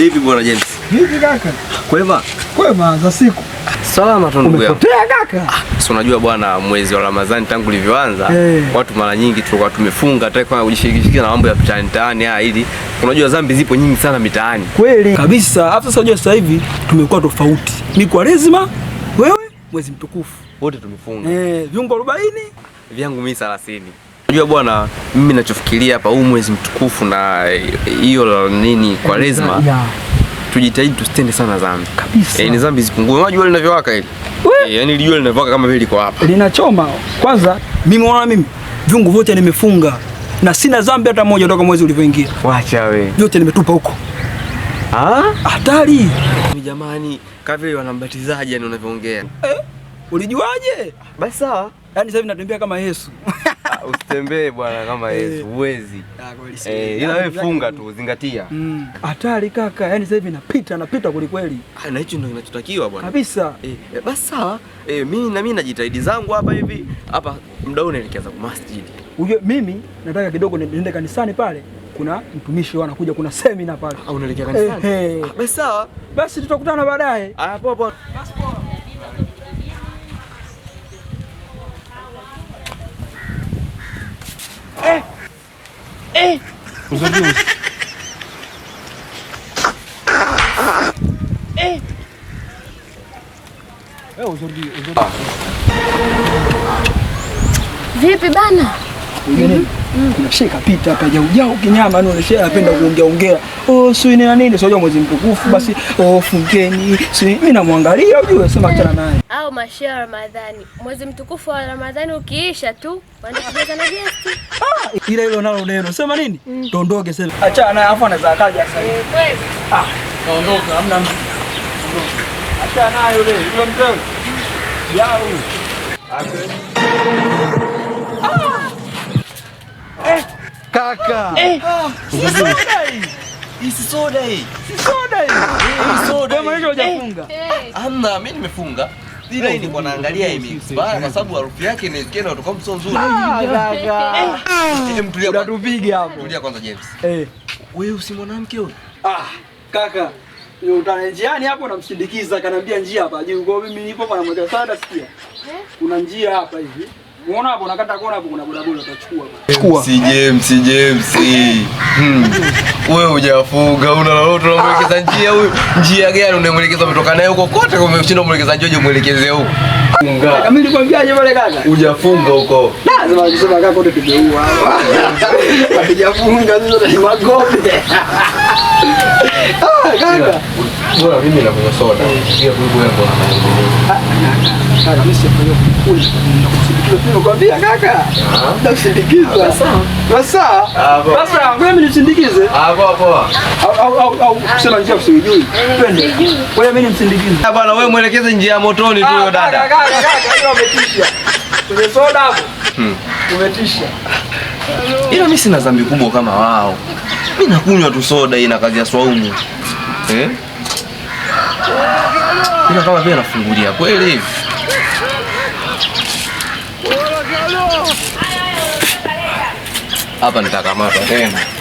Vipi bwana James? Vipi kaka? Kwema? Kwema za siku. Salama tu ndugu yangu. Umepotea kaka? Ah, Si unajua bwana, mwezi wa Ramadhani tangu ulivyoanza hey, eh. watu mara nyingi tulikuwa tumefunga hata kwa kujishirikisha na mambo ya mtaani mtaani haya ili unajua dhambi zipo nyingi sana mitaani. Kweli kabisa. Hata sasa unajua sasa hivi tumekuwa tofauti. Ni kwa lazima wewe mwezi mtukufu wote tumefunga. Eh, hey, viungo 40 vyangu mimi 30. Unajua bwana, mimi ninachofikiria hapa, huu mwezi mtukufu na hiyo la nini kwa rezma Tujitahidi tusitende sana dhambi kabisa, yani eh, dhambi zipungue. Unajua jua linavyowaka hili, eh, yani jua linavyowaka kama vile liko hapa linachoma. Kwanza mimi naona mimi viungu vyote nimefunga na sina dhambi hata moja toka mwezi ulivyoingia. Wacha we, yote nimetupa huko. Ah, hatari ni jamani, kavile wanambatizaje yani unavyoongea eh? Ulijuaje? Basi sawa. Yaani sasa hivi natembea kama Yesu. Ah, usitembee bwana kama eh. Yesu, huwezi. Ah, eh, ila wewe funga tu, zingatia. Mm. Hatari kaka, yaani sasa hivi napita napita kweli kweli. Ah, na hicho ndio kinachotakiwa bwana. Kabisa. Eh, eh basi sawa. Eh, mimi na mimi najitahidi zangu hapa hivi. Hapa mdauni nilikianza kwa masjid. mimi nataka kidogo niende kanisani pale. Kuna mtumishi wao anakuja, kuna seminar pale. Au unaelekea kanisani? Eh, basi sawa. Basi tutakutana baadaye. Ah, poa poa. Basi Eh! Позади нас. Eh! Eh, uzordi, uzordi. Vipi bana? Mm -hmm. Mm. Unasha ikapita hapa jau jau kinyama ndio unasha anapenda kuongea ongea. Oh, sui ni nini? Sio mwezi mtukufu mm. basi oh fungeni. sui. mimi namwangalia ujue sema achana naye. Au mashia Ramadhani. Mwezi mtukufu wa Ramadhani ukiisha tu waende kujaza na gesti. Ah, ile ile nalo neno. Sema nini? Mm. Tuondoke sema Achana naye afu anaweza akaja sasa. Eh, kweli. Ah, tuondoke amna mtu. Achana naye yule, yule mtu. Yao. Okay. kaka. Eh. Ah, soda hii. Ah. Hujafunga. Eh. Hamna, mimi nimefunga. Ila nilikuwa naangalia imebana kwa sababu harufu yake inawezekana kutoka mso nzuri. Kaka. Unatupiga hapo. Tulia kwanza James. Eh. Wewe usi mwanamke wewe? Ah, kaka. Ni njiani hapo namsindikiza, kanambia njia hapa juu. Kwa mimi nipo pana moja sana sikia. Eh? Kuna njia hapa hivi. Unaona hapo nakata hmm. Wewe hujafuga una lolote unamwelekeza njia huyo. Njia gani unamwelekeza umetoka naye huko kote kwa umeshinda mwelekeza jojo mwelekeze huko. Hujafunga huko. Lazima Bora mimi na kunywa soda. Pia bubu yako na maendeleo. Kaka mimi sifanyo kukula. Nakwambia kaka. Ah? Na kusindikiza. Ah, sasa. Ah, sasa ngoja nisindikize. Ah poa poa. Au au au sema njia usijui. Twende. Wewe mimi nimsindikize. Bwana wewe mwelekeze njia ya motoni tu huyo dada. Kaka kaka kaka umetisha. Kwenye soda hapo. Hmm. Umetisha. Ila mimi sina dhambi kubwa kama wao. Mimi nakunywa tu soda hii kazi ya swaumu. Eh? Kila kama vile anafungulia kweli hivi. Hapa nitakamata tena.